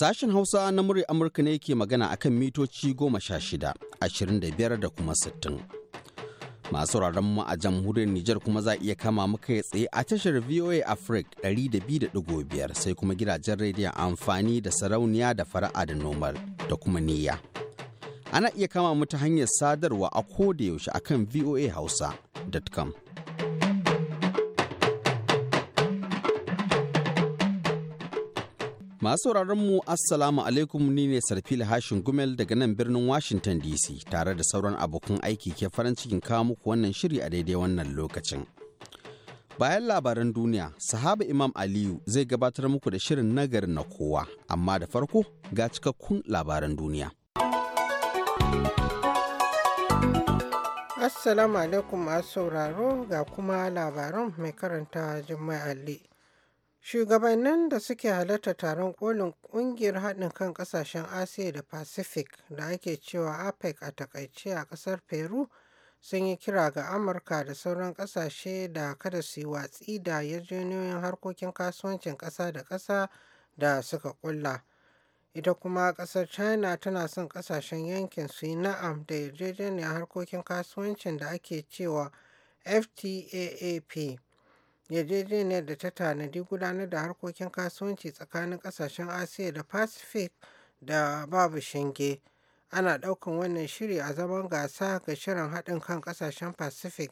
Sashen Hausa na murya Amurka ne ke magana akan mitoci goma sha shida, ashirin da biyar da kuma sittin. Masu mu a jamhuriyar Nijar kuma za iya kama muka ya tsaye a tashar VOA Africa 200.5 sai kuma gidajen rediyon amfani da sarauniya da fara'a da nomal da kuma niyya. Ana iya kama mu ta hanyar sadarwa a koda yaushe akan Hausa.com. Masu mu Assalamu alaikum ni ne Sarfila Hashin Gumel daga nan birnin Washington DC tare da sauran abokan aiki ke farin cikin kawo muku wannan shiri a daidai wannan lokacin. Bayan labaran duniya, sahaba Imam Aliyu zai gabatar muku da shirin nagari na kowa, amma da farko ga cikakkun labaran duniya. Assalamu alaikum masu sauraro ga kuma labaran mai karanta Jummai Ali. Shugabannin da suke halartar taron kolin kungiyar haɗin kan ƙasashen Asiya da Pacific da ake cewa APEC a e takaice a ƙasar Peru sun yi kira ga Amurka da sauran ƙasashe da kada su yi watsi da yarjejeniyoyin harkokin kasuwancin ƙasa da ƙasa da suka ƙulla. Ita kuma ƙasar China tana son ƙasashen yankin su yi na'am da yarjejeniyar harkokin kasuwancin da ake cewa FTAAP. yarjejeniyar da ta tanadi gudanar da harkokin kasuwanci tsakanin kasashen asiya da pacific da babu shinge ana ɗaukan wannan shiri a zaman gasa ga shirin haɗin kan kasashen pacific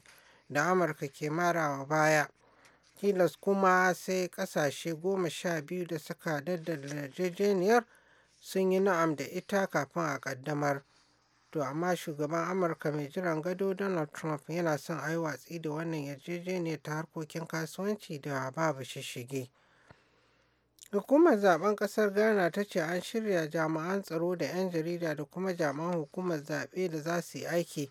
da amurka ke marawa baya tilas kuma sai kasashe goma sha biyu da suka daddada yarjejeniyar sun yi na'am da ita kafin a ƙaddamar To amma shugaban Amurka mai jiran gado Donald Trump yana son a yi watsi da wannan yarjejeniyar ta harkokin kasuwanci da babu shishigi. Hukumar zaben kasar Ghana ta ce an shirya jami'an tsaro da 'yan jarida da kuma jami'an hukumar zaɓe da za su yi aiki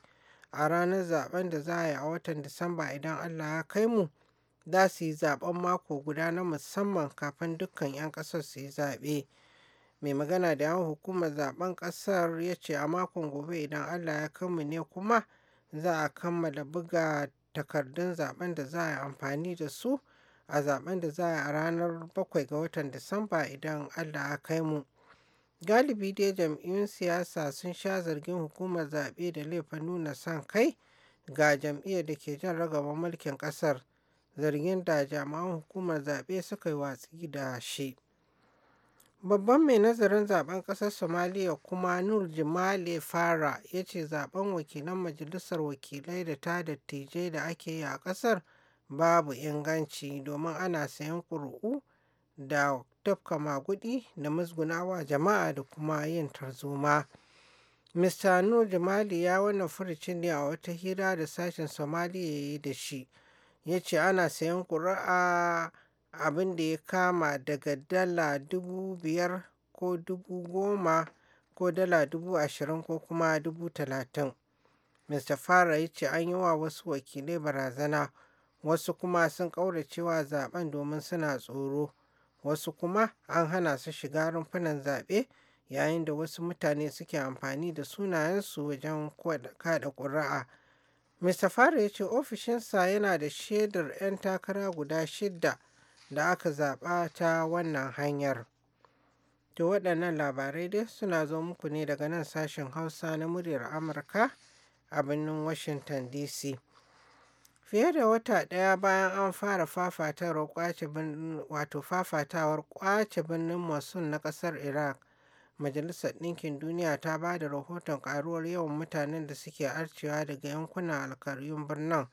a ranar zaben da za a yi a watan Disamba idan Allah ya kai mu za su yi zaben mako guda na musamman kafin dukkan 'yan ƙasar su yi zaɓe. mai magana da yawon hukumar zaben kasar ya ce a makon gobe idan allah ya kanmu ne kuma za a kammala buga takardun zaben da za a yi amfani da su a zaben da za a yi a ranar 7 ga watan disamba idan allah ya kai mu galibi dai jam'iyyun siyasa sun sha zargin hukumar zaɓe da laifin nuna son kai ga jam'iyyar da ke jan ragaba mulkin ƙasar zargin da jami'an hukumar zaɓe suka yi watsi da shi Babban mai nazarin zaben ƙasar Somaliya kuma Nur jimale fara ya ce zaben wakilan majalisar wakilai da ta dattijai da ake yi a ƙasar babu inganci domin ana sayan ƙuri'u da tafka magudi da musgunawa jama'a da kuma yin tarzoma. Mr. Nur Jamali ya wannan furucin ne a wata hira da sashen Somaliya ya yi da shi. Ya ce ana sayan ƙuri'a abin da ya kama daga dala dubu biyar ko dubu goma ko dala dubu ashirin ko kuma dubu talatin. Mr. Farah ya ce an yi wa wasu wakilai barazana, wasu kuma sun ƙauracewa zaben domin suna tsoro, wasu kuma an hana su shiga rumfunan zaɓe yayin da wasu mutane suke amfani da sunayensu wajen kaɗa ƙuri'a. Mr. Farah ya ce ofishinsa yana da shaidar 'yan takara guda shidda da aka zaɓa ta wannan hanyar. To waɗannan labarai dai suna zo muku ne daga nan sashen Hausa na muryar Amurka a birnin Washington DC. Fiye da wata ɗaya bayan an fara fafatawar ƙwace birnin Mosul na ƙasar Iraq, Majalisar Ɗinkin Duniya ta ba da rahoton ƙaruwar yawan mutanen da suke arcewa daga yankunan alkaryun birnin.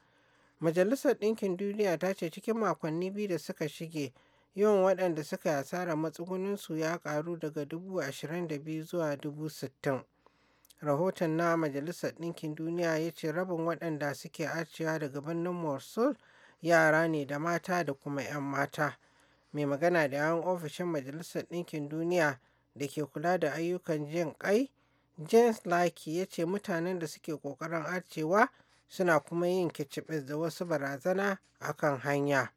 Majalisar Ɗinkin Duniya ta ce cikin makonni biyu da suka shige, yawan waɗanda suka asara asarar matsuguninsu ya ƙaru daga dubu ashirin da biyu zuwa dubu sittin. Rahoton na Majalisar Ɗinkin Duniya ya ce rabin waɗanda suke arcewa daga birnin Mosul yara ne da mata da kuma 'yan mata. Mai magana da yawan ofishin Majalisar Ɗinkin Duniya da ke kula da ayyukan jin kai James Laki ya ce mutanen da suke ƙoƙarin arcewa suna kuma yin kicibis da wasu barazana a kan hanya.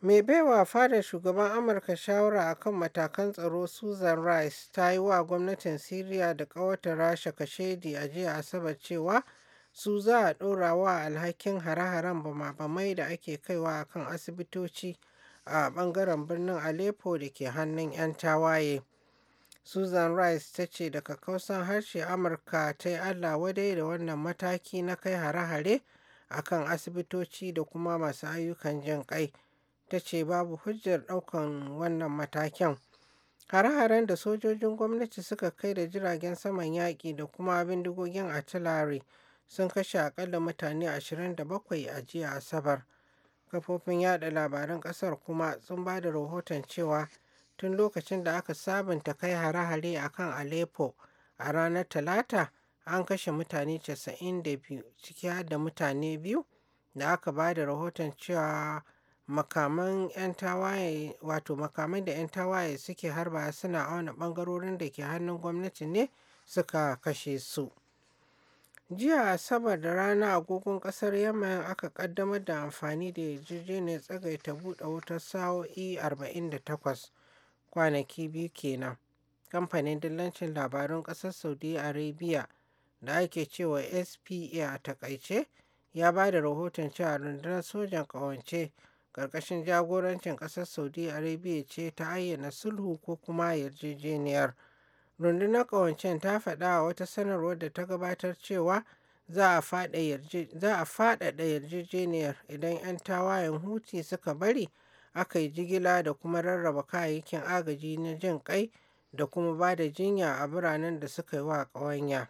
Mai baiwa fadar shugaban Amurka shawara a kan matakan tsaro Susan Rice ta yi wa gwamnatin Siriya da kawata Rasha kashedi a jiya Asabar cewa su za a ɗora wa alhakin hare-haren bama da ake kaiwa akan asibitoci a ɓangaren birnin Aleppo da ke hannun 'yan tawaye. Susan Rice ta ce daga kausan harshe Amurka ta yi Allah wadai da wannan mataki na kai hare-hare a kan asibitoci da kuma masu ayyukan jin kai. Ta ce babu hujjar ɗaukan wannan matakin. Hare-haren da sojojin gwamnati suka kai da jiragen saman yaƙi da kuma bindigogin artillery sun kashe akalla mutane 27 a jiya Asabar. Kafofin yada labaran ƙasar kuma sun ba da rahoton cewa tun lokacin da aka sabunta kai hare-hare a kan Aleppo a ranar Talata an kashe mutane 92 ciki har da mutane biyu da aka ba da rahoton cewa makaman 'yan tawaye wato makaman da 'yan tawaye suke harba suna auna bangarorin da ke hannun gwamnati ne suka kashe su. jiya asabar da rana agogon kasar yamma aka kaddamar da amfani da yarjejeniyar tsagaita buɗe wutar sa'o'i 48 kwanaki biyu kenan kamfanin dillancin labarun ƙasar saudi arabia da ake cewa spa a takaice ya ba da rahoton cewa rundunar sojan ƙawance ƙarƙashin jagorancin ƙasar saudi arabia ce ta ayyana sulhu ko kuma yarjejeniyar rundunar ƙawancen ta faɗa wata sanarwar da ta gabatar cewa za a faɗaɗa yarjejeniyar idan 'yan tawayen huti suka bari aka yi jigila da kuma rarraba kayayyakin agaji na jin kai da kuma ba da jinya a biranen da suka yi wa ƙawanya.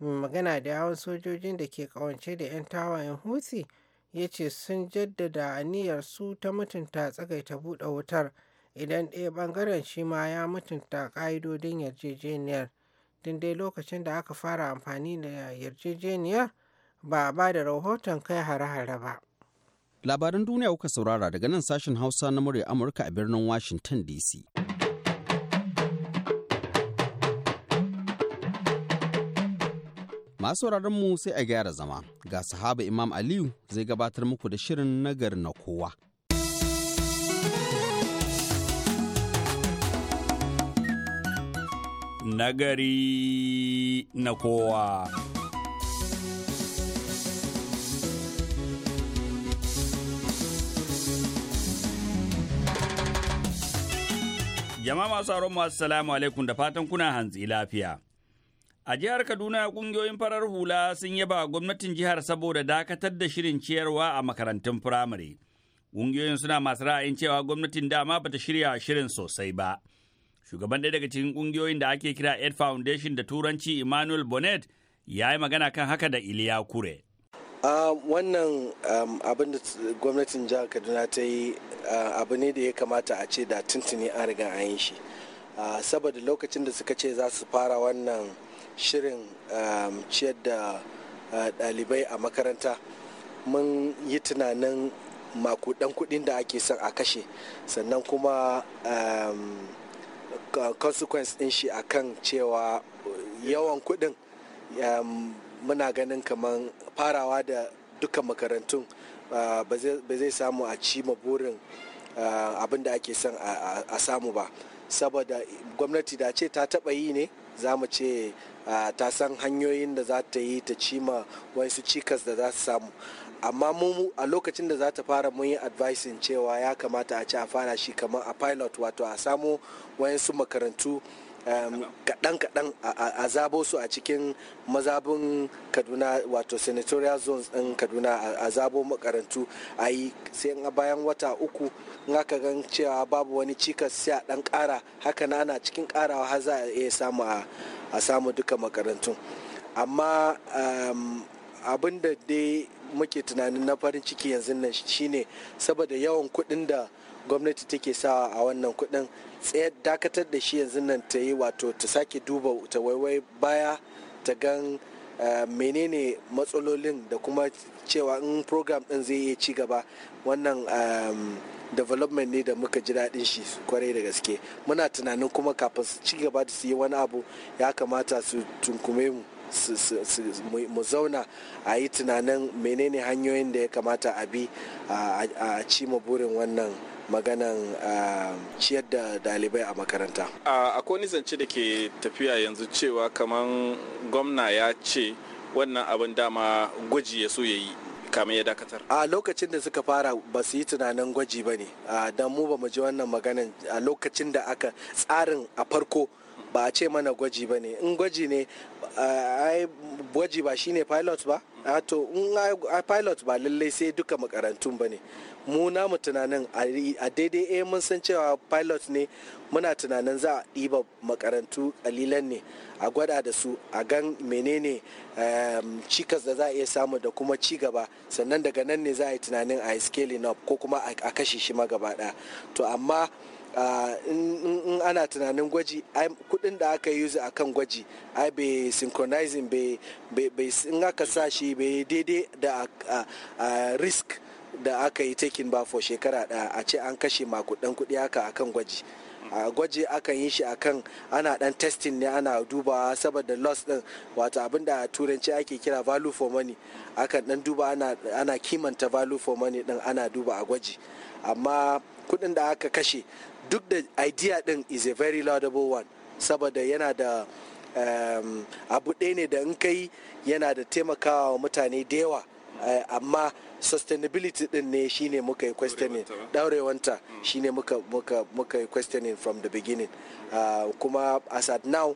Mai magana da yawon sojojin da ke ƙawance da 'yan tawayen hutsi ya ce sun jaddada aniyar su ta mutunta tsagaita buɗe wutar idan ɗaya ɓangaren shi ma ya mutunta ƙa'idodin yarjejeniyar. Tun dai lokacin da aka fara amfani da yarjejeniyar ba a ba da rahoton kai hare-hare ba. Labaran duniya kuka saurara daga nan sashen Hausa na murya Amurka a birnin Washington DC. Masu mu sai a gyara zama, ga sahaba Imam Aliyu zai gabatar muku da shirin nagar na kowa. Nagari na kowa. Jama'a masu auren masu salamu alaikum da fatan kuna hantsi lafiya. A jihar Kaduna kungiyoyin farar hula sun yaba gwamnatin jihar saboda dakatar da shirin ciyarwa a makarantun firamare. Kungiyoyin suna masu ra'ayin cewa gwamnatin dama bata shirya shirin sosai ba. Shugaban ɗaya daga cikin kungiyoyin da ake kira Ed Foundation da Turanci Emmanuel Bonnet ya yi magana kan haka da Iliya Kure. wannan um, abin da gwamnatin jihar kaduna ta yi abu ne da ya kamata a ce da tuntuni an riga an yi shi saboda lokacin da suka ce za su fara wannan shirin um, ciyar da ɗalibai a makaranta mun yi tunanin makudan kudin da ake son a kashe sannan kuma um, consequence din shi akan cewa yawan kudin muna ganin kamar farawa da dukkan makarantun ah, ba zai samu a ci burin ah, abin da ake son a samu ba saboda gwamnati da ce ta taɓa yi ne za mu ce ah, ta san hanyoyin da za ta yi ta cima wasu cikas da za su samu amma mu a lokacin da za ta fara mun yi advising cewa ya kamata a ci a fara shi kamar a pilot wato a samu wayansu makarantu kaɗan-kaɗan a zabo su a cikin mazabin kaduna wato senatorial zones ɗin kaduna a zabo makarantu a yi sai bayan wata uku in aka gan cewa babu wani cikas sai a ɗan ƙara haka na ana cikin ƙarawa har za a iya samu a samu duka makarantu amma abin da dai muke tunanin na farin ciki yanzu nan shine saboda yawan kuɗin da gwamnati take sawa a wannan kuɗin tsayar dakatar da shi yanzu nan ta yi wato ta sake duba ta waiwai baya ta gan eh, menene matsalolin da kuma cewa in program din zai iya ci gaba wannan ehm, development ne da muka ji daɗin shi kwarai da gaske muna tunanin kuma kafin su ci gaba da su yi wani abu ya kamata su tunkume mu mu zauna a yi tunanin menene hanyoyin da ya kamata a bi a ci burin wannan maganan ah, ciyar da dalibai a makaranta akwai wani zance da ke tafiya yanzu cewa kamar gwamna ya ce wannan abin dama gwaji ya so ya yi kamar ya dakatar a lokacin da suka fara ba su yi tunanin gwaji ba ne don mu ba mu ji wannan maganan a lokacin da aka tsarin a farko ba a ce mana gwaji ba ne in gwaji ne ai gwaji ba shine pilot ba to in pilot ba lallai sai duka makarantun ba ne mu namu tunanin a daidai a eh, mun san cewa pilot ne muna tunanin za a ɗiba makarantu ƙalilan ne a gwada da su a gan menene ehm, cikas da za a iya samu da kuma ci gaba sannan daga nan ne za a yi tunanin a scaling up ko kuma a kashe shi ma to amma in ana tunanin gwaji kudin da aka yi a kan gwaji ai bai synchronizing bai in aka sa shi bai daidai da risk da aka yi taking ba for shekara ɗaya a ce an kashe makudan kuɗi haka akan gwaji a gwaji akan yi shi akan ana dan testing ne ana dubawa saboda loss din wato abin da turanci ake kira value for money akan dan duba ana kimanta value for money din ana duba a gwaji amma kuɗin da aka kashe duk da idea din is a very laudable one saboda yana da ehm, abu ɗaya ne da in kai yana da taimakawa mutane da yawa eh, amma sustainability din ne shine muka yi questioning daurewanta hmm. shine muka muka muka yi questioning from the beginning ah, kuma as at now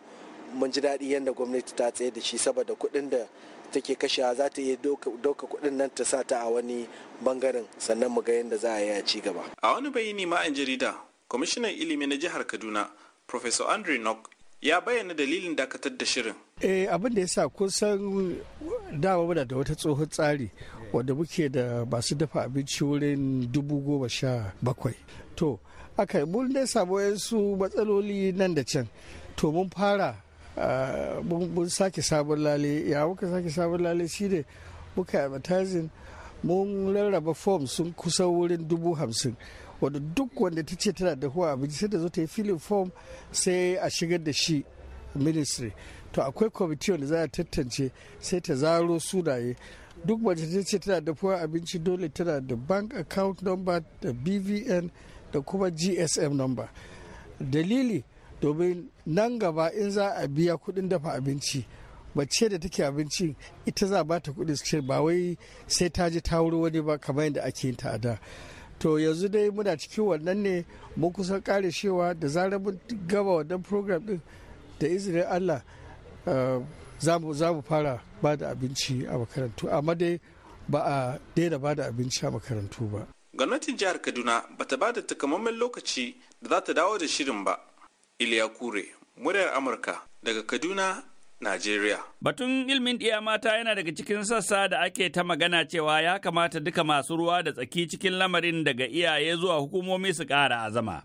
mun ji daɗi yadda gwamnati ta tsaye da shi saboda kuɗin da take kashewa za ta iya doka kuɗin nan ta sa ta a wani bangaren sannan mu ga yadda za a yi a ci gaba. A wani bayani ma jarida, kwamishinan ilimi na jihar Kaduna, Professor Andre Nock ya bayyana dalilin dakatar da shirin. Eh abin da ya sa kusan dama muna da wata tsohon tsari wanda muke da masu dafa abinci wurin dubu goma sha bakwai. To, aka yi mun dai samu yansu matsaloli nan da can. To mun fara ah, mun sake sabon lale ya muka sake sabon lale shi ne muka advertising mun rarraba fom sun kusa wurin dubu hamsin. wadda duk wanda ta ce tana da huwa abinci sai da zo ta yi filin form sai a shigar da shi ministry to akwai kwamiti wanda za a tantance sai ta zaro sunaye duk wanda ta ce tana da huwa abinci dole tana da bank account number da bvn da kuma gsm number dalili domin nan gaba in za a biya kudin dafa abinci mace da take abinci ita za ba ta kudin ba wai sai ta je ta wuri wani ba kamar yadda ake yin ta a da to yanzu dai muna cikin wannan ne mun kusan kare cewa da zarar mun gaba wannan program din da izinin allah eh, za mu fara ba da abinci a makarantu amma dai ba a daina ba da abinci a makarantu ba gwamnatin jihar kaduna ba ta ba da takamaiman lokaci da za ta dawo da shirin ba iliya kure muryar amurka daga kaduna Najeriya. Batun ilmin ɗiya mata yana daga cikin sassa da ake ta magana cewa ya kamata duka masu ruwa da tsaki cikin lamarin daga iyaye zuwa hukumomi su ƙara azama.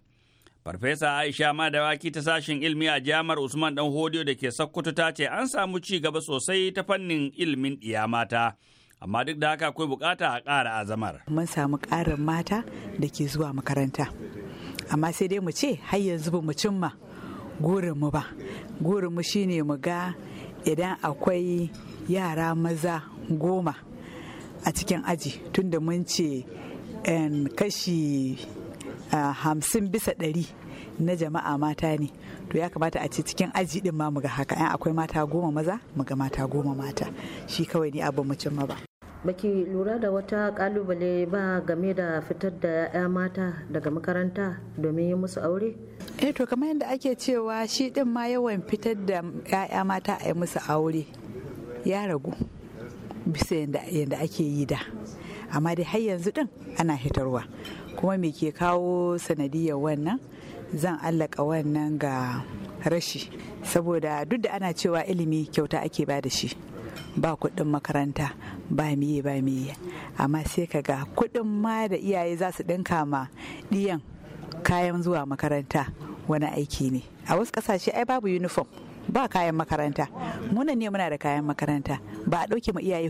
Farfesa Aisha Madawaki ta sashen ilmi a jami'ar Usman Dan Hodiyo da ke Sokoto ta ce an samu ci gaba sosai ta fannin ilmin ɗiya mata. Amma duk da haka akwai bukata a ƙara azamar. Mun samu ƙarin mata da ke zuwa makaranta. Amma sai dai mu ce har yanzu ba mu cimma mu ba mu shine mu ga idan akwai yara maza goma a cikin aji tunda mun ce kashi hamsin bisa ɗari na jama'a mata ne to ya kamata a ce cikin aji din ma muga haka yan akwai mata goma maza mu ga mata goma mata shi kawai ne abin mu cimma ba baki lura da wata kalubale ba game da fitar da 'ya mata daga makaranta domin yi musu aure? eh to kamar yadda ake cewa shi din ma yawan fitar da 'ya'ya mata a yi musu aure ya ragu bisa yadda ake yi da amma dai har yanzu din ana hitarwa kuma me ke kawo sanadiyar wannan zan allaka wannan ga rashi saboda duk da ana cewa ilimi kyauta ake ba da shi ba kuɗin makaranta ba miye ba miye amma sai ka ga kuɗin ma da iyaye za su ɗinka ma ɗiyan kayan zuwa makaranta wani aiki ne a wasu ƙasashe ai babu uniform ba kayan makaranta muna ne muna da kayan makaranta ba a ɗauke mu iyaye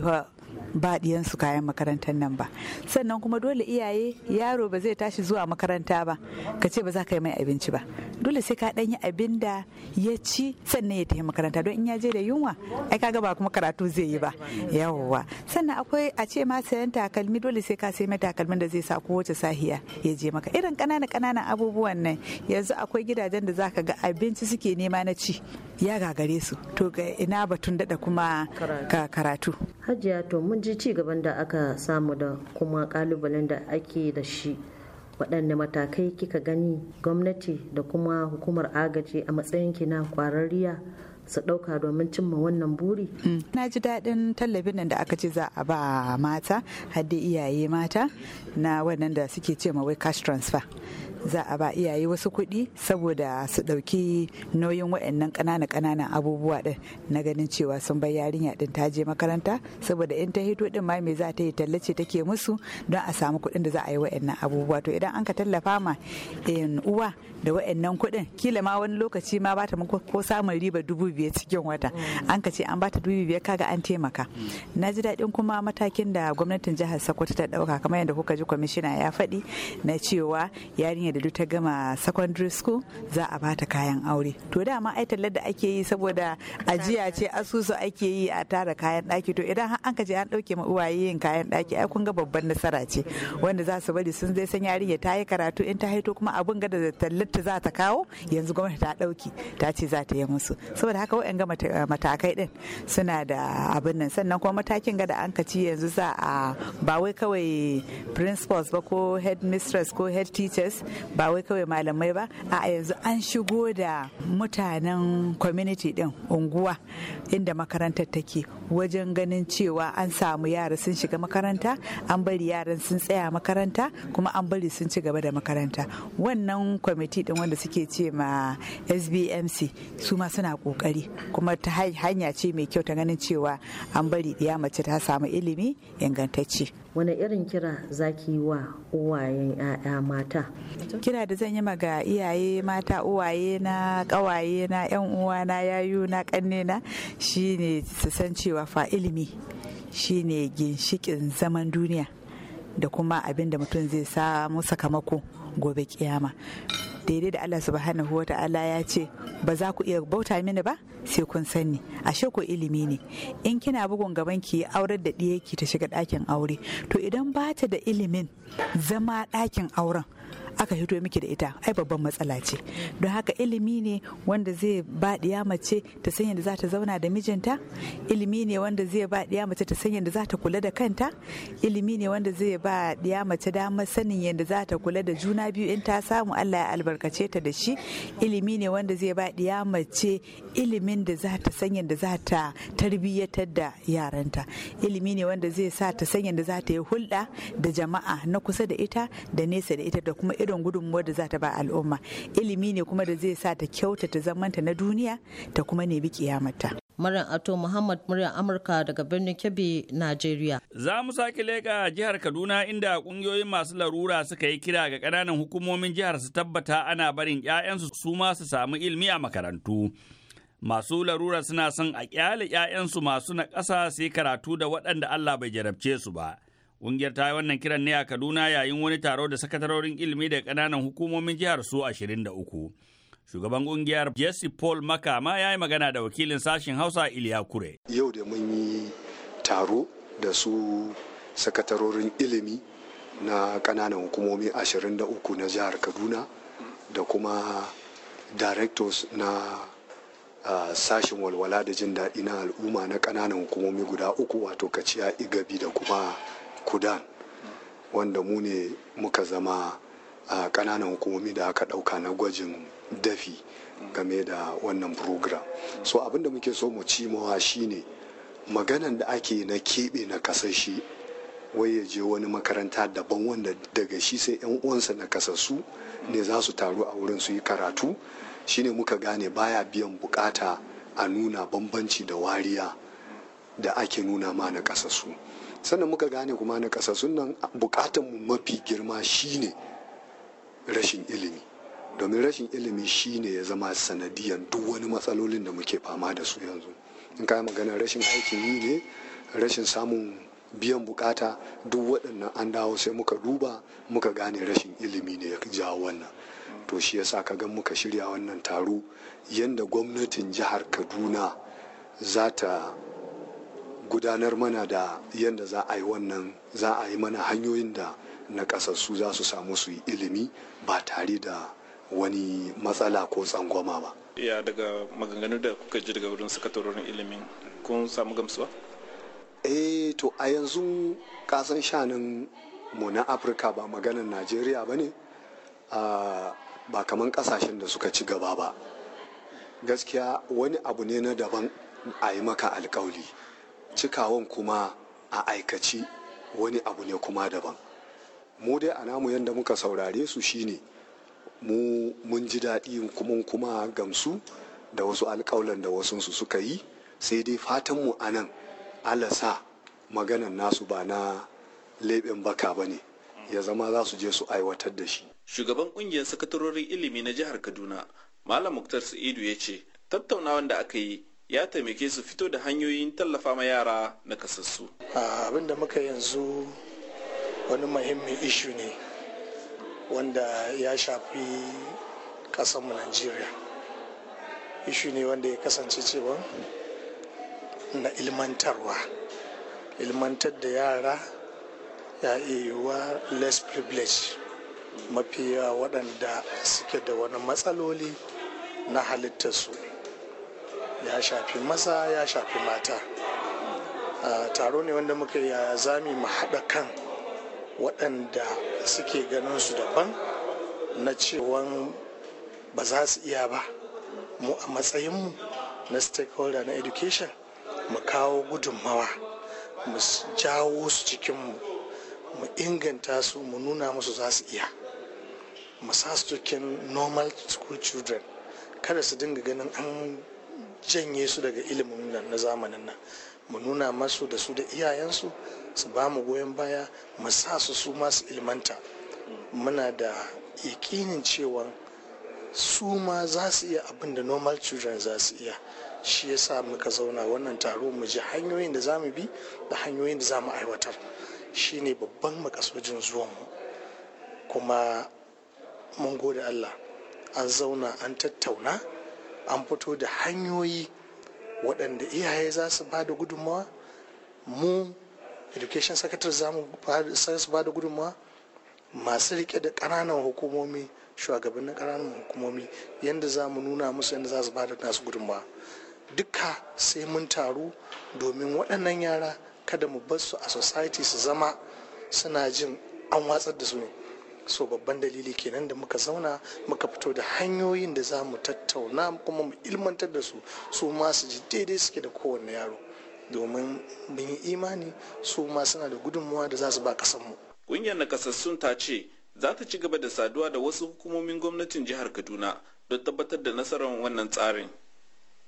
ba su kayan makarantar nan ba sannan kuma dole iyaye yaro ba zai tashi zuwa makaranta ba ka ce ba za ka yi mai abinci ba dole sai ka ɗan yi abin da ya ci sannan ya tafi makaranta don in ya je da yunwa ai kaga ba kuma karatu zai yi ba yawwa sannan akwai a ce ma sayan takalmi dole sai ka sai mai takalmin da zai sa kowace sahiya ya je maka irin ƙananan ƙananan abubuwan nan yanzu akwai gidajen da za ka ga abinci suke nema na ci ya gagare su to ga ina batun dada kuma ka karatu hajiya to mun ji ci gaban da aka samu da kuma kalubalen da ake da shi waɗanne matakai kika gani gwamnati da kuma hukumar agaji a matsayinki na kwararriya su ɗauka domin cimma wannan buri. Mm. Na ji daɗin tallafin nan da aka ce za a ba mata hadda iyaye mata na wannan da suke ce wai cash transfer. za a ba iyaye wasu kuɗi saboda su ɗauki nauyin waɗannan ƙanana ƙananan abubuwa ɗin na ganin cewa sun bar yarinya ɗin ta je makaranta saboda in ta hito ɗin ma me za ta yi tallace take musu don a samu kuɗin da za a yi waɗannan abubuwa to idan an ka tallafa ma eh, uwa da wa'annan kuɗin kila ma wani lokaci ma bata muku ko samun riba dubu biyar cikin wata mm. an ka ce an bata dubu biyar kaga an taimaka mm. na ji daɗin kuma matakin da gwamnatin jihar sokoto ta ɗauka kamar yadda kuka ji kwamishina ya faɗi na cewa yarinya da duk ta gama secondary school za a bata kayan aure to dama ai tallar da ake yi saboda ajiya ce asusu ake yi a tara kayan ɗaki to idan an ka je an ɗauke ma uwaye yin kayan ɗaki ai kun ga babban nasara ce wanda za su bari sun zai san yarinya ta yi karatu in ta haito kuma abun gada da tallar gwamnati za ta kawo yanzu gwamnati ta dauki ta ce za ta yi musu saboda haka ga eh, matakai din suna da abin nan sannan kuma matakin ga da an kaci yanzu za a ba wai kawai principals ba ko head mistress ko head teachers ba wai kawai malamai ba a yanzu an shigo da mutanen community din unguwa inda makarantar take wajen ganin cewa an samu yara sun shiga makaranta an bari yaran sun tsaya makaranta kuma an bari sun ci gaba da makaranta wannan kwamiti din wanda suke ce ma sbmc su ma suna kokari kuma ta hanya ce mai kyau ta ganin cewa an bari ɗiya mace ta samu ilimi ingantacce wani irin kira zaki yi wa uwayen 'ya'ya mata kira da zan yi ma ga iyaye mata uwaye na kawaye na 'yan uwa na yayu na kanne na shine su san cewa fa ilimi shine ginshikin zaman duniya da kuma abin da mutum zai samu sakamako gobe kiyama daidai da Allah subhanahu wa ta'ala ya ce ba za ku iya bauta mini ba sai kun sani ashe ko ilimi ne in kina bugun gaban ki aurar da ɗiyarki ta shiga ɗakin aure to idan ba ta da ilimin zama ɗakin auren aka hito miki da ita ai babban matsala ce don haka ilimi ne wanda zai ba ɗiya mace ta san yadda za ta zauna da mijinta ilimi ne wanda zai ba ɗiya mace ta san yadda za ta kula da kanta ilimi ne wanda zai ba ɗiya mace damar sanin yadda za ta kula da juna biyu in ta samu Allah ya albarkace ta da shi ilimi ne wanda zai ba ɗiya mace ilimin da za ta san yadda za ta tarbiyyatar da yaranta ilimi ne wanda zai sa ta san yadda za ta yi hulɗa da jama'a na kusa da ita da nesa da ita da kuma irin gudunmuwar da za ta ba al'umma ilimi ne kuma da zai sa ta kyauta ta zamanta na duniya ta kuma ne bi kiyamata Maryam Ato Muhammad muryar Amurka daga birnin Kebbi, Najeriya. Za mu sake leƙa jihar Kaduna inda ƙungiyoyin masu larura suka yi kira ga ƙananan hukumomin jihar su tabbata ana barin 'ya'yansu su ma su samu ilimi a makarantu. Masu larura suna son a ƙyale 'ya'yansu masu na ƙasa su yi karatu da waɗanda Allah bai jarabce su ba. Ƙungiyar ta yi wannan kiran ne a Kaduna yayin wani taro da sakatarorin ilimi da ƙananan hukumomin jihar su 23. Shugaban ƙungiyar Jesse Paul Makama ya yi magana da wakilin sashen Hausa Iliya Kure. Yau da mun yi taro da su sakatarorin ilimi na ƙananan hukumomi 23 na jihar Kaduna da kuma directors na uh, sashen walwala da jin daɗi na al'umma na ƙananan hukumomi guda uku wato kaciya igabi da kuma kudan wanda mu ne muka zama a kananan hukumomi da aka ɗauka na gwajin dafi game da wannan program so abinda muke so mu ci mawa shine maganan da ake na keɓe na kasashe wai ya je wani makaranta daban wanda daga shi sai 'yan uwansa na kasassu ne za su taru a wurin su yi karatu shine muka gane baya biyan bukata a nuna bambanci da wariya da ake nuna ma na kasassu sannan muka gane kuma na ƙasa sunan bukatan mu mafi girma shine rashin ilimi domin rashin ilimi shine ya zama sanadiyan duk wani matsalolin da muke fama da su yanzu in ka magana rashin aikin yi ne rashin samun biyan bukata duk waɗannan an dawo sai muka duba muka gane rashin ilimi ne ya jawo wannan to shi yasa ka gan muka shirya wannan taro yadda gwamnatin jihar kaduna za ta gudanar mana da yadda za a yi wannan za a yi mana hanyoyin da na su za su samu su yi ilimi ba tare da wani matsala ko tsangwama ba. ya daga maganganu da kuka ji daga wurin sakatarorin ilimin kun samu gamsuwa? eh to a yanzu kasan shanin mu na afirka ba maganan najeriya ba ne ba kaman kasashen da suka ci gaba ba gaskiya wani abu ne na daban a yi maka alkawali cikawan kuma a aikaci wani abu ne kuma daban mu dai a namu yadda muka saurare su shine mu mun ji daɗi kuma kuma gamsu da wasu alƙawalan da wasu su suka yi sai dai fatanmu a nan alasa maganan nasu ba na leɓen baka ba ne ya zama za su je su aiwatar da shi shugaban ƙungiyar sakatarorin ilimi na jihar kaduna malam muktar sa'idu ya ce tattaunawan da aka yi ya taimake su fito da hanyoyin tallafa ma yara na kasassu. abin da muka yanzu wani muhimmin ishu ne wanda ya shafi kasanmu Najeriya. Ishu ne wanda ya kasance cewa na ilmantarwa. Ilmantar da yara ya wa less privilege mafiya waɗanda suke da wani matsaloli na halittarsu. su. ya shafi maza ya shafi mata taro ne wanda muka ya zami mu haɗa kan waɗanda suke ganin su daban na cewan ba za su iya ba mu a matsayinmu na stakeholder na education mu kawo gudunmawa mu jawo su cikinmu mu inganta su mu nuna musu za su iya mu sa su cikin normal school children kada su dinga ganin an janye su daga ilimin nan na zamanin nan mu nuna masu da su da iyayensu su ba mu goyon baya mu sa su su masu ilmanta muna da yakinin cewa su ma za su iya abin da normal children za su iya shi yasa muka zauna wannan taro mu ji hanyoyin da za mu bi da hanyoyin da za mu aiwatar shi ne babban makasojin zuwanmu kuma mun gode allah an zauna an tattauna an fito da hanyoyi waɗanda iyaye za su ba da gudunmawa mu education secretary za su ba da gudunmawa masu rike da ƙananan hukumomi shugabannin ƙananan hukumomi yadda za mu nuna musu yadda za su ba da nasu gudunmawa duka sai mun taru domin waɗannan yara kada mu bar su a society su zama suna jin an watsar da su ne so babban dalili kenan da muka zauna muka fito da hanyoyin da za mu tattauna kuma mu ilmantar da su su ma su ji daidai suke da kowane yaro domin mun yi imani su ma suna da gudunmuwa da za su ba kasanmu. ƙungiyar nakasassun ta ce za ta ci gaba da saduwa da wasu hukumomin gwamnatin jihar kaduna don tabbatar da nasarar wannan tsarin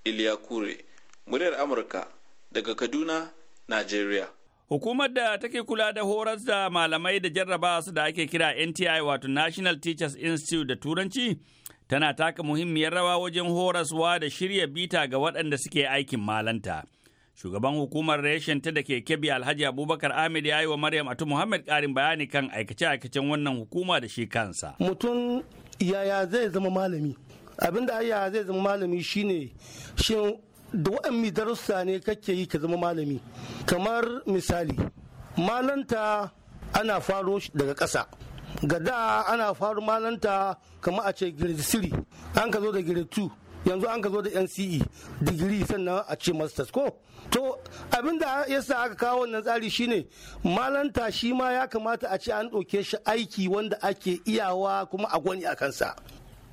iliya kure muryar amurka daga kaduna najeriya Hukumar da take kula da horar da malamai da jarraba su da ake kira NTI wato National Teachers Institute da Turanci tana taka muhimmiyar rawa wajen horaswa da shirya bita ga waɗanda suke aikin malanta. Shugaban hukumar reshen ta da ke kebi Alhaji Abubakar Ahmed ya yi wa Maryam Atu Muhammad ƙarin bayani kan aikace-aikacen wannan hukuma da shi kansa. Mutum yaya zai zama malami? Abin da yaya zai zama malami shine shin da waɗannan darussa ne kake yi ka zama malami kamar misali malanta ana faro daga ƙasa gada da ana faro malanta kamar a ce grade 3 an ka zo da grade 2 yanzu an ka zo da nce digiri sannan a ce masters ko to abin da ya sa aka kawo wannan tsari shine malanta shi ma ya kamata a ce an ɗauke shi aiki wanda ake iyawa kuma a gwani a kansa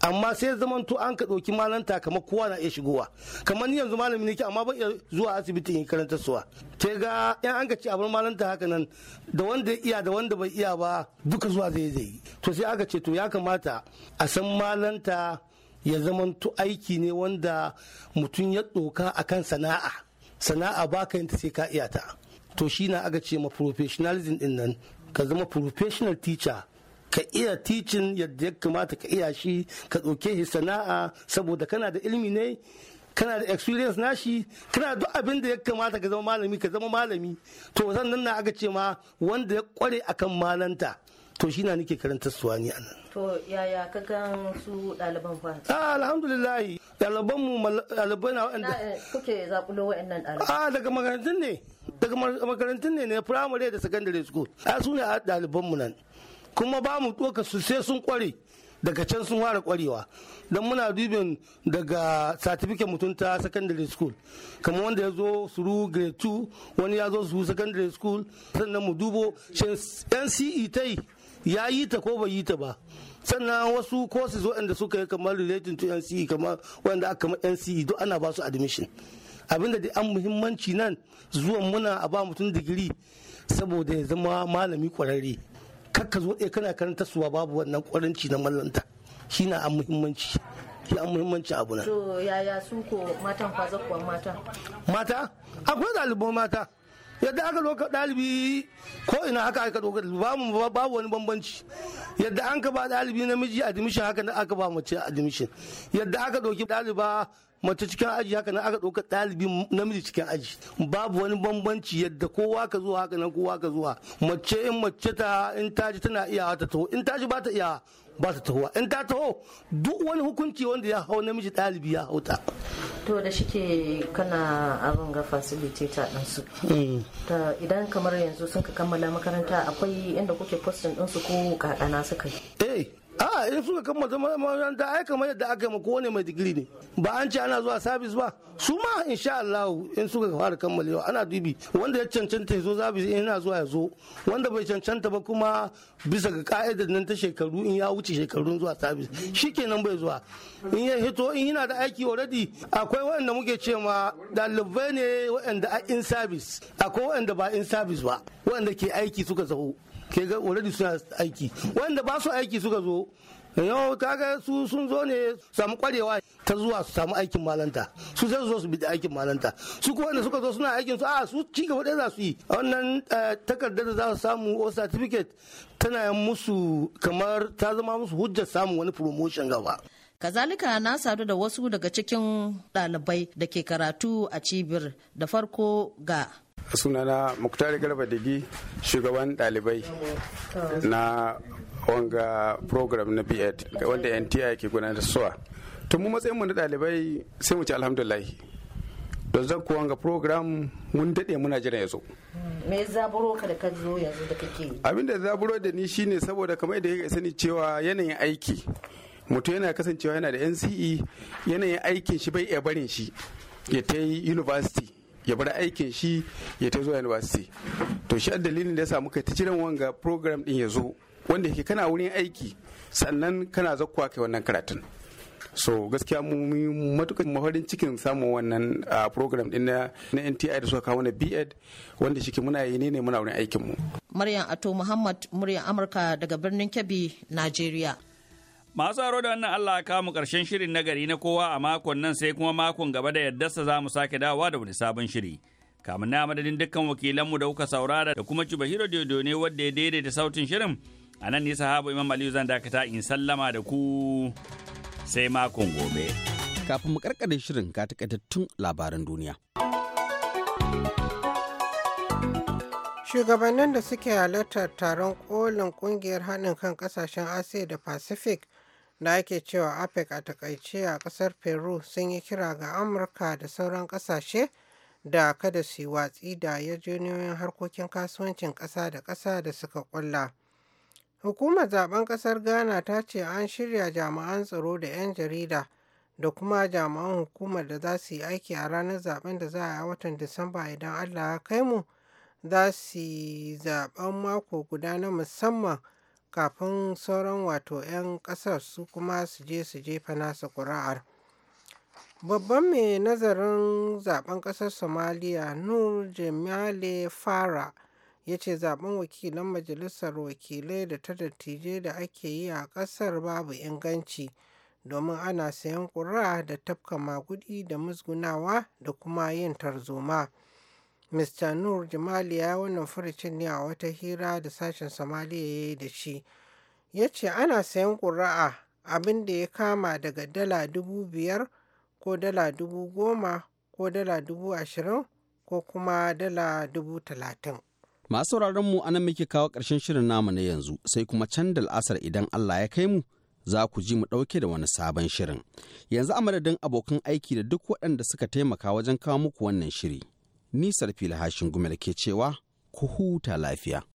amma sai to an ka ɗauki malanta kamar kowa na iya shigowa kamar ni yanzu malami nake amma ban iya zuwa asibiti in karanta suwa ke ga yan an ka ce malam ta haka nan da wanda iya da wanda bai iya ba duka zuwa zai zai to sai aka ce to ya kamata a san malam ta ya to aiki ne wanda mutum ya ɗoka akan sana'a sana'a ba ka yanta sai ka iya ta to shi na aka ce ma professionalism din nan ka zama professional teacher ka iya ticin yadda ya kamata ka iya shi ka ɗauke shi sana'a saboda kana da ilimi ne kana da experience nashi kana duk abin da ya kamata ka zama malami ka zama malami to sannan na aka ce ma wanda ya kware akan malanta to shi na nake karanta suwa ni anan to yaya ka gan su ɗaliban fa ah alhamdulillah ɗaliban mu ɗaliban na waɗanda eh, kuke zakulo waɗannan ɗaliban ah daga makarantun ne daga makarantun ne na primary da secondary school a ah, su ne ɗaliban mu nan kuma ba mu tsoka su sai sun ƙware daga can sun fara ƙwarewa don muna dubin daga satifiket mutum ta secondary school kamar wanda ya zo suru grade 2 wani ya zo su secondary school sannan mu dubo shin nce ta yi ya yi ta ko bai yi ta ba sannan wasu courses waɗanda suka yi kamar relating to nce kamar waɗanda aka kama nce duk ana ba su admission abinda da an muhimmanci nan zuwan muna a ba mutum digiri saboda ya zama malami kwararre kakka zo ɗaya eh, kana karanta suwa babu wannan ƙwarinci na mallanta shi na an muhimmanci shi an muhimmanci abu na. to yaya su ko matan kwazo kuwa mata. mata akwai ɗaliban mata yadda aka ɗauka ɗalibi ko ina haka aka ɗauka babu babu wani bambanci yadda an ka ba ɗalibi namiji admission haka aka ba mace admission yadda aka ɗauki ɗaliba mace cikin aji haka nan aka ɗauka ɗalibi namiji cikin aji babu wani bambanci yadda kowa ka zuwa haka nan kowa ka zuwa mace in mace ta in ta ji tana iyawa ta taho in ta ji ba ta iyawa ba ta taho in ta taho duk wani hukunci wanda ya hau namiji ɗalibi ya hau ta. to da shike kana abin ga facilitator din su mm. ta idan kamar yanzu sun ka kammala makaranta akwai inda kuke posting din su ko kakana suka yi eh a in suka kama zama makaranta ai kamar yadda aka yi kowane mai digiri ne ba an ce ana zuwa sabis ba su ma insha Allah in suka fara kammalewa ana dubi wanda ya cancanta ya zo sabis in yana zuwa ya zo wanda bai cancanta ba kuma bisa ga ka'idar nan ta shekaru in ya wuce shekarun zuwa sabis shikenan bai zuwa in ya hito in yana da aiki already akwai waɗanda muke ce ma ɗalibai ne waɗanda in sabis akwai waɗanda ba in sabis ba waɗanda ke aiki suka zaho ke ga already suna aiki wanda ba su aiki suka zo yau ga su sun zo ne samu kwarewa ta zuwa su samu aikin malanta su sai zo su bi aikin malanta su kuma wanda suka zo suna aikin su a su ci gaba da za su yi wannan eh, takardar da za su samu o certificate tana yin musu kamar ta zama musu hujjar samun wani promotion gaba kazalika na sadu da wasu daga cikin ɗalibai da ke karatu a cibiyar da farko ga sunana muktari garba digi shugaban dalibai na wanga program na bed wanda nti ke gudanar suwa to mu matsayin mu na dalibai sai mu ci alhamdulahi don zan kuwa ga program mun daɗe muna jira ya zo me zaburo ka da ka zo yanzu da kake abin da zaburo da ni shine saboda kamar yadda kake sani cewa yanayin aiki mutum yana kasancewa yana da nce yanayin aikin shi bai iya barin shi ya ta yi university ya bar aikin shi ya ta zuwa university to shi dalilin da ya samu muka ta jiran wanga program din ya zo wanda yake kana wurin aiki sannan kana zakkuwa kai wannan karatun so gaskiya mu matukan matukar mafarin cikin samun wannan program din na nti da suka kawo na bed wanda shi muna yi ne muna wurin aikinmu maryam ato muhammad muryar amurka daga birnin kebbi nigeria Masu aro da wannan Allah ka mu ƙarshen shirin nagari na kowa a makon nan sai kuma makon gaba da yarda za mu sake dawowa da wani sabon shiri. Kamun na madadin dukkan wakilanmu da kuka saurara da kuma Cuba Hiro ne wadda ya daidaita sautin shirin. A nan ne sahaba Imam Aliyu zan dakata in sallama da ku sai makon gobe. Kafin mu karkare shirin ga takaitattun labaran duniya. Shugabannin da suke halartar taron kolin kungiyar haɗin kan kasashen Asiya da Pacific da ake cewa apec a takaice a kasar peru sun yi kira ga amurka da sauran kasashe da kada su yi watsi da yarjejeniyoyin harkokin kasuwancin ƙasa da ƙasa da suka ƙulla. Hukumar zaben ƙasar Ghana ta ce an shirya jami'an tsaro da 'yan jarida da kuma jami'an hukumar da za su yi aiki a ranar zaben da za a yi watan Disamba idan Allah ya kai mu za su yi zaben mako guda na musamman kafin sauran wato 'yan ƙasar su kuma su je su jefa nasa ƙuri'ar. Babban mai nazarin zaben ƙasar Somalia, Nur Jamile Fara ya ce zaben wakilan majalisar wakilai da ta dattijai da ake yi a ƙasar babu inganci domin ana sayan ƙura da tafka magudi da musgunawa da kuma yin tarzoma. Mr. Nur Jamali ya wannan furucin ne a wata hira da sashen Somaliya ya yi da shi. Ya ce ana sayan ƙuri'a abin da ya kama daga dala dubu biyar ko dala dubu goma ko dala dubu ashirin ko kuma dala dubu talatin. Masu mu anan muke kawo ƙarshen shirin namu na yanzu sai kuma can da al'asar idan Allah ya kai mu za ku ji mu ɗauke da wani sabon shirin. Yanzu a madadin abokan aiki da duk waɗanda suka taimaka wajen kawo muku wannan shiri. nisar fili hashin gumel ke cewa ku huta lafiya.